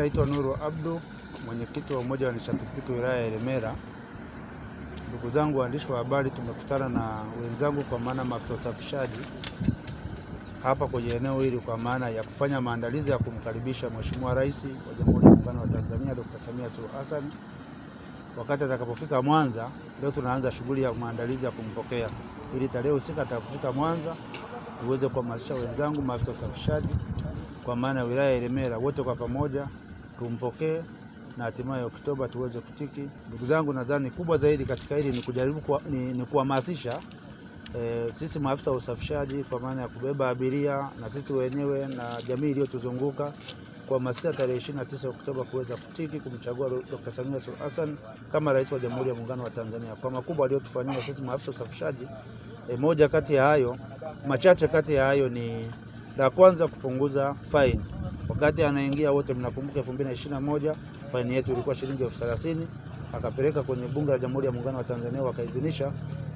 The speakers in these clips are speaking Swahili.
Naitwa Nuru Abdu, mwenyekiti wa Umoja wa Nishati wilaya ya Ilemela. Ndugu zangu waandishi wa habari, tumekutana na wenzangu kwa maana maafisa usafishaji hapa kwenye eneo hili kwa maana ya kufanya maandalizi ya kumkaribisha Mheshimiwa Rais wa Jamhuri ya Muungano wa Tanzania Dr. Samia Suluhu Hassan wakati atakapofika Mwanza. Leo tunaanza shughuli ya maandalizi ya kumpokea ili tarehe husika atakapofika Mwanza uweze kuhamasisha wenzangu maafisa usafishaji kwa maana wilaya ya Ilemela wote kwa pamoja tumpokee na hatimaye Oktoba tuweze kutiki. Ndugu zangu, nadhani kubwa zaidi katika hili ni kujaribu kuwa, ni, ni kuhamasisha e, sisi maafisa wa usafishaji kwa maana ya kubeba abiria na sisi wenyewe na jamii iliyotuzunguka kuhamasisha tarehe 29 Oktoba kuweza kutiki kumchagua Dr. Samia Suluhu Hassan kama rais wa Jamhuri ya Muungano wa Tanzania kwa makubwa aliyotufanyia sisi maafisa wa usafishaji. E, moja kati ya hayo machache kati ya hayo ni la kwanza kupunguza faini wakati anaingia wote mnakumbuka 2021 faini yetu ilikuwa shilingi elfu thelathini akapeleka kwenye bunge la Jamhuri ya Muungano wa Tanzania wakaidhinisha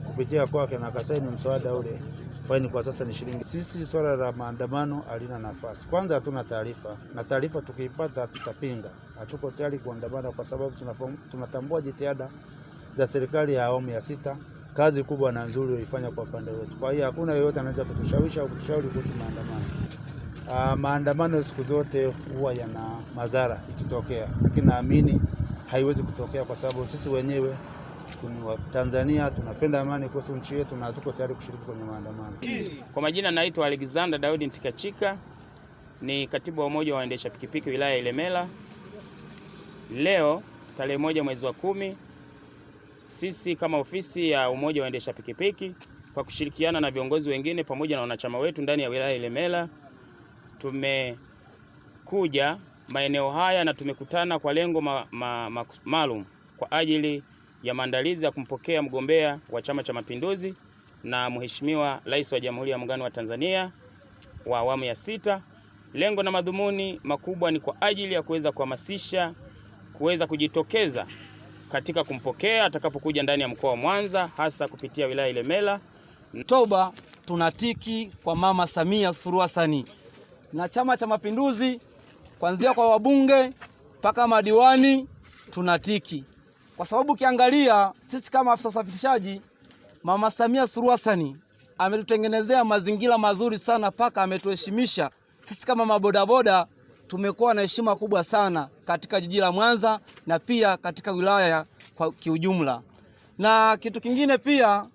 kupitia kwake na akasaini mswada ule. Faini kwa sasa ni shilingi. Sisi swala la maandamano halina nafasi. Kwanza hatuna taarifa, na taarifa tukiipata tutapinga. Hatuko tayari kuandamana kwa sababu tunatambua jitihada za serikali ya awamu ya sita, kazi kubwa na nzuri ilifanya kwa upande wetu. Kwa hiyo hakuna yeyote anaweza kutushawisha au kutushauri kuhusu maandamano uh, maandamano siku zote huwa yana madhara ikitokea, lakini naamini haiwezi kutokea kwa sababu sisi wenyewe wa Tanzania tunapenda amani kuhusu nchi yetu na tuko tayari kushiriki kwenye maandamano. Kwa majina naitwa Alexander Daudi Ntikachika, ni katibu wa umoja wa waendesha pikipiki wilaya ya Ilemela. Leo tarehe moja mwezi wa kumi, sisi kama ofisi ya umoja wa waendesha pikipiki kwa kushirikiana na viongozi wengine pamoja na wanachama wetu ndani ya wilaya ya Ilemela tumekuja maeneo haya na tumekutana kwa lengo maalum ma, ma, maalum kwa ajili ya maandalizi ya kumpokea mgombea wa Chama cha Mapinduzi na Mheshimiwa Rais wa Jamhuri ya Muungano wa Tanzania wa awamu ya sita. Lengo na madhumuni makubwa ni kwa ajili ya kuweza kuhamasisha kuweza kujitokeza katika kumpokea atakapokuja ndani ya mkoa wa Mwanza, hasa kupitia wilaya Ilemela. Toba tunatiki kwa Mama Samia Suluhu na Chama cha Mapinduzi kuanzia kwa wabunge mpaka madiwani tunatiki, kwa sababu ukiangalia sisi kama afisa usafirishaji, Mama Samia Suluhu Hassan ametutengenezea mazingira mazuri sana mpaka ametuheshimisha sisi kama mabodaboda tumekuwa na heshima kubwa sana katika jiji la Mwanza na pia katika wilaya kwa kiujumla. Na kitu kingine pia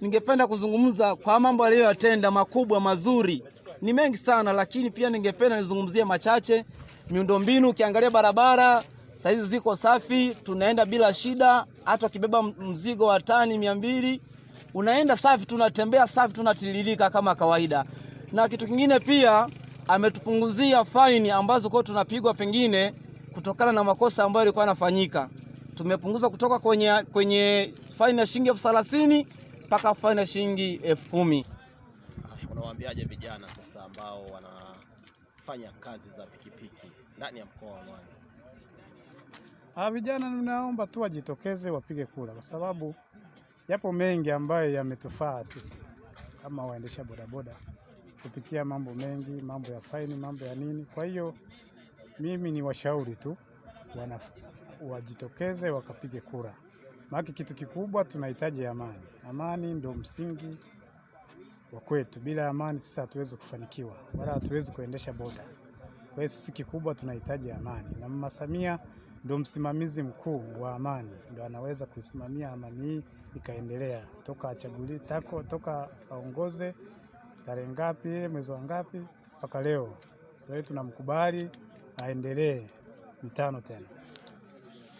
ningependa kuzungumza kwa mambo aliyoyatenda makubwa mazuri ni mengi sana, lakini pia ningependa nizungumzie machache. Miundombinu, ukiangalia barabara saizi ziko safi, tunaenda bila shida. Hata ukibeba mzigo wa tani mia mbili unaenda safi, tunatembea safi, tunatiririka kama kawaida. Na kitu kingine pia ametupunguzia faini ambazo kwa tunapigwa pengine kutokana na makosa ambayo yalikuwa yanafanyika. Tumepunguza kutoka kwenye, kwenye faini ya shilingi elfu thelathini mpaka faini ya shilingi elfu kumi unawaambiaje vijana sasa ambao wanafanya kazi za pikipiki ndani ya mkoa wa Mwanza? Ah, vijana ninaomba tu wajitokeze wapige kura, kwa sababu yapo mengi ambayo yametufaa sisi kama waendesha bodaboda kupitia mambo mengi, mambo ya faini, mambo ya nini. Kwa hiyo mimi ni washauri tu wana, wajitokeze wakapige kura, maana kitu kikubwa tunahitaji amani. Amani ndio msingi wa kwetu. Bila amani sisi hatuwezi kufanikiwa wala hatuwezi kuendesha boda. Kwa hiyo sisi kikubwa tunahitaji amani, na Mama Samia ndo msimamizi mkuu wa amani, ndo anaweza kuisimamia amani hii ikaendelea, toka achaguli tako toka aongoze tarehe ngapi mwezi wa ngapi mpaka leo. Kwa hiyo tunamkubali aendelee mitano tena.